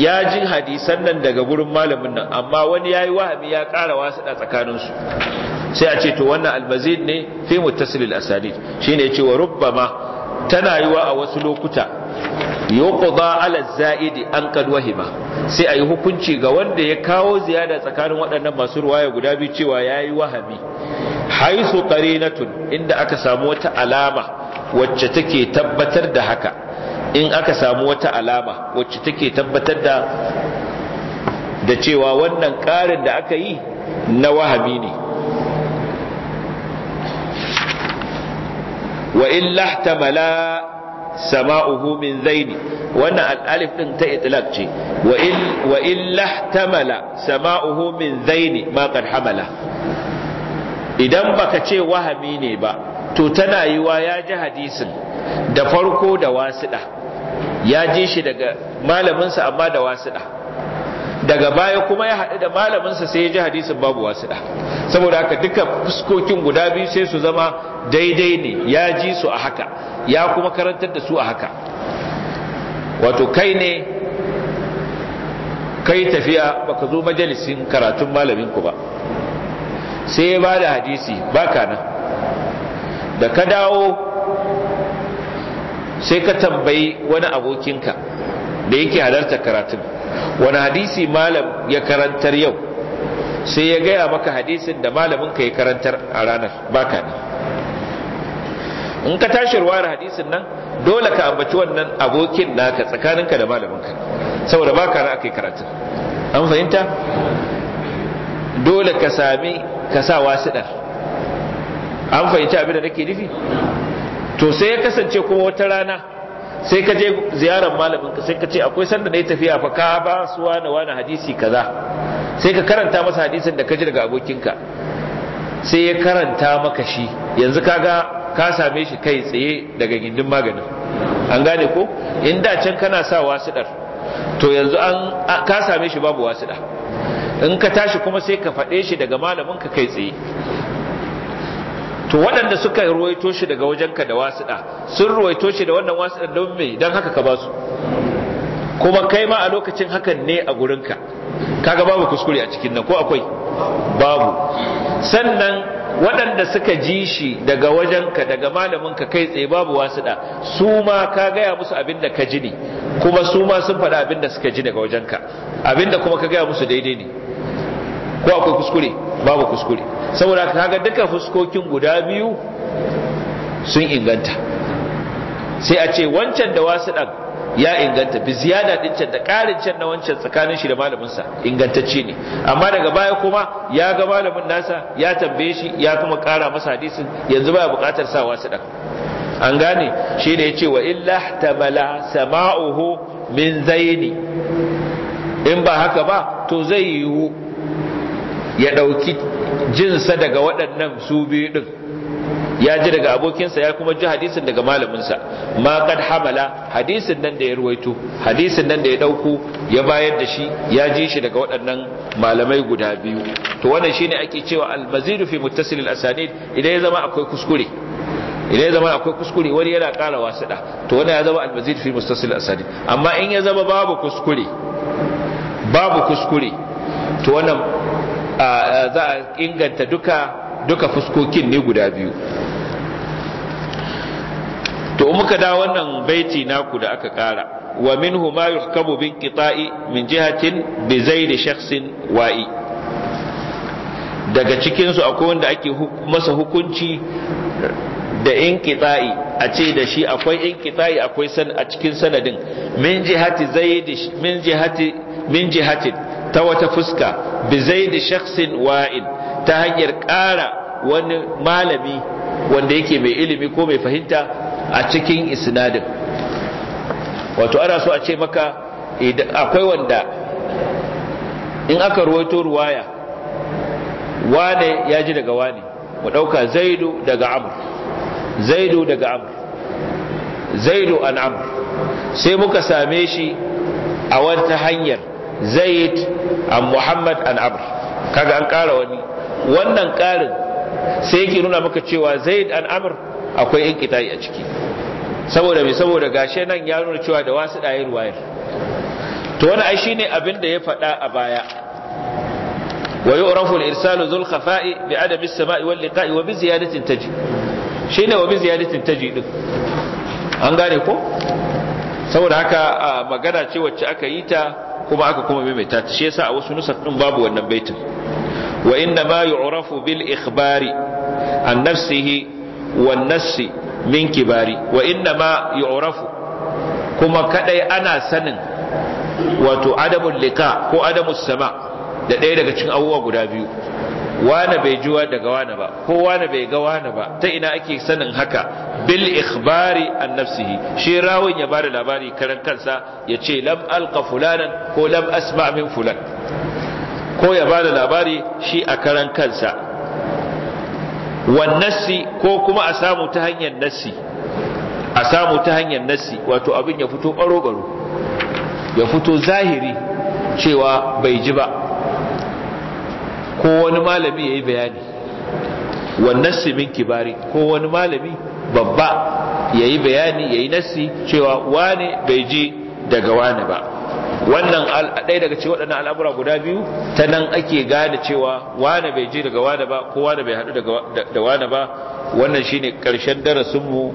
ya ji hadisan nan daga gurin malamin nan amma wani ya yi wahami ya ƙara wasu a tsakaninsu sai a ce to wannan almazid ne fi muttasil al shi shine ya ce wa rubbama tana yiwa a wasu lokuta ba ala zaidi an kad wahima sai a yi hukunci ga wanda ya kawo ziyada tsakanin waɗannan masu ruwaya guda biyu cewa ya yi wahami haisu tun, inda aka samu wata alama wacce take tabbatar da haka in aka samu wata alama wacce take tabbatar da da cewa wannan ƙarin da aka yi na wahami ne wa in lahtamala sama'uhu min zaini wannan alif din ta itlaq ce wa in wa sama'uhu min zaini idan baka ce wahami ne ba to tana yiwa ya ji hadisin da farko da wasiɗa ya ji shi daga malaminsa amma da wasiɗa daga baya kuma ya haɗu da malaminsa sai ya ji hadisin babu wasiɗa saboda haka duka fuskokin guda biyu sai su zama daidai ne ya ji su a haka ya kuma karantar da su a haka wato kai ne kai tafiya baka zo majalisin karatun malaminku ba sai ya ba da hadisi baka nan da ka dawo sai ka tambayi wani abokinka da yake halartar karatun wani hadisi malam ya karantar yau sai ya gaya maka hadisin da malaminka ya karantar a ranar baka nan in ka tashi ruwayar hadisin nan dole ka ambaci wannan abokin naka tsakaninka da malaminka saboda ba ka akai karatu an fahimta dole ka sami ka sa wasiɗar an fahimci abin da nake nufi to sai ya kasance kuma wata rana sai ka je ziyarar malamin ka sai ka ce akwai sanda ne tafiya fa ka ba su wani wani hadisi kaza sai ka karanta masa hadisin da ka ji daga abokinka sai ya karanta maka shi yanzu kaga ka same shi kai tsaye daga gindin maganin an gane ko in da can kana sa wasidar to yanzu an ka same shi babu wasida in ka tashi kuma sai ka faɗe shi daga malamin ka kai tsaye to waɗanda suka ruwaito shi daga wajenka da wasida sun ruwaito shi da wannan wasida don me dan haka ka basu. kuma kai ma a lokacin hakan ne a gurinka kaga babu kuskure a cikin nan ko akwai babu sannan waɗanda suka ji shi daga wajenka daga malaminka kai tsaye babu wasuɗa su ma ka gaya musu abin da ka ji ne kuma su ma sun faɗa abin da suka ji daga wajenka abin da kuma ka gaya musu daidai ne ko akwai kuskure babu kuskure saboda kaga duka fuskokin guda biyu sun inganta sai a ce wancan da wasuɗan ya inganta bi ziyada din can da karin can na wancan tsakanin shi da malaminsa ingantacce ne amma daga baya kuma ya ga malamin nasa ya tambaye shi ya kuma kara masa hadisin yanzu baya buƙatar sawa su da. an gane shi ne yace wa illa tabala sama'uhu min zaini in ba haka ba to zai yiwu ya ɗauki jinsa daga waɗannan su biyu ɗin ya ji daga abokinsa ya kuma ji hadisin daga malaminsa ma kad hamala hadisin nan da ya ruwaito hadisin nan da ya dauko ya bayar da shi ya ji shi daga waɗannan malamai guda biyu to wannan shine ake cewa al-mazidu fi muttasil al-asanid idan ya zama akwai kuskure idan ya zama akwai kuskure wani yana ƙara wasuɗa to wannan ya zama al-mazid fi muttasil al-asanid amma in ya zama babu kuskure babu kuskure to wannan za a inganta duka duka fuskokin ne guda biyu to muka da wannan baiti naku da aka kara wa minhu ma yuhkamu bin qita'i min jihatin bi zaid shakhsin wa'i daga cikin su akwai wanda ake masa hukunci da in qita'i a ce da shi akwai in qita'i akwai san a cikin sanadin min jihati zaid min jihati min jihatin ta wata fuska bi zaid shakhsin wa'in ta hanyar kara wani malami wanda yake mai ilimi ko mai fahimta a cikin isnadin wato ana so a ce maka akwai wanda in aka ruwaito ruwaya wane ya ji daga wane mu ɗauka zaidu daga amur zaidu daga amur zaidu an amur sai muka same shi a wata hanyar zaid an muhammad an amur kaga an ƙara wani wannan ƙarin sai yake nuna maka cewa zaid an amur akwai in kitayi a ciki saboda mai saboda gashe nan ya nuna cewa da wasu ɗaya ruwayar to wani ai shine abin da ya faɗa a baya wa yu'rafu al-irsalu dhul khafa'i bi adami as-sama'i wal liqa'i wa bi ziyadatin taji ne wa bi ziyadatin taji din an gane ko saboda haka magana ce wacce aka yi ta kuma aka kuma maimaita ta shi yasa a wasu nusar din babu wannan baitin wa inna ma yu'rafu bil ikhbari an nafsihi wan nassi min kibari wa inna ma yu'rafu kuma kadai ana sanin wato adabul liqa ko adamus sama da ɗaya daga cikin abubuwa guda biyu wane bai ji juwa daga wane ba ko wane bai ga wane ba ta ina ake sanin haka bil ikhbari an nafsihi shi rawin ya bada labari karan kansa ya ce lam alqa fulanan ko lam asma min fulan ko ya bada labari shi a karan kansa wan nassi ko kuma a samu ta hanyar nassi a samu ta hanyar nassi wato abin ya fito baro-baro ya fito zahiri cewa bai ji ba ko wani malami ya yi bayani wan nassi min kibari ko wani malami babba ya yi bayani ya yi nassi cewa wane bai ji daga wane ba wannan ɗaya daga cewa waɗannan al'amura guda biyu ta nan ake gane cewa wane bai je daga wane ba ko wane bai haɗu da wane ba wannan shine ƙarshen darasinmu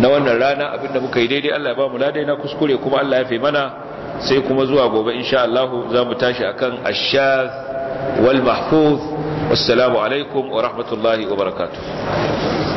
na wannan rana abinda muka yi daidai Allah ya ba mu ladai na kuskure kuma Allah ya fi mana sai kuma zuwa gobe insha Allah za mu tashi akan ashaz wal mahfuz wassalamu alaikum wa rahmatullahi wa barakatuh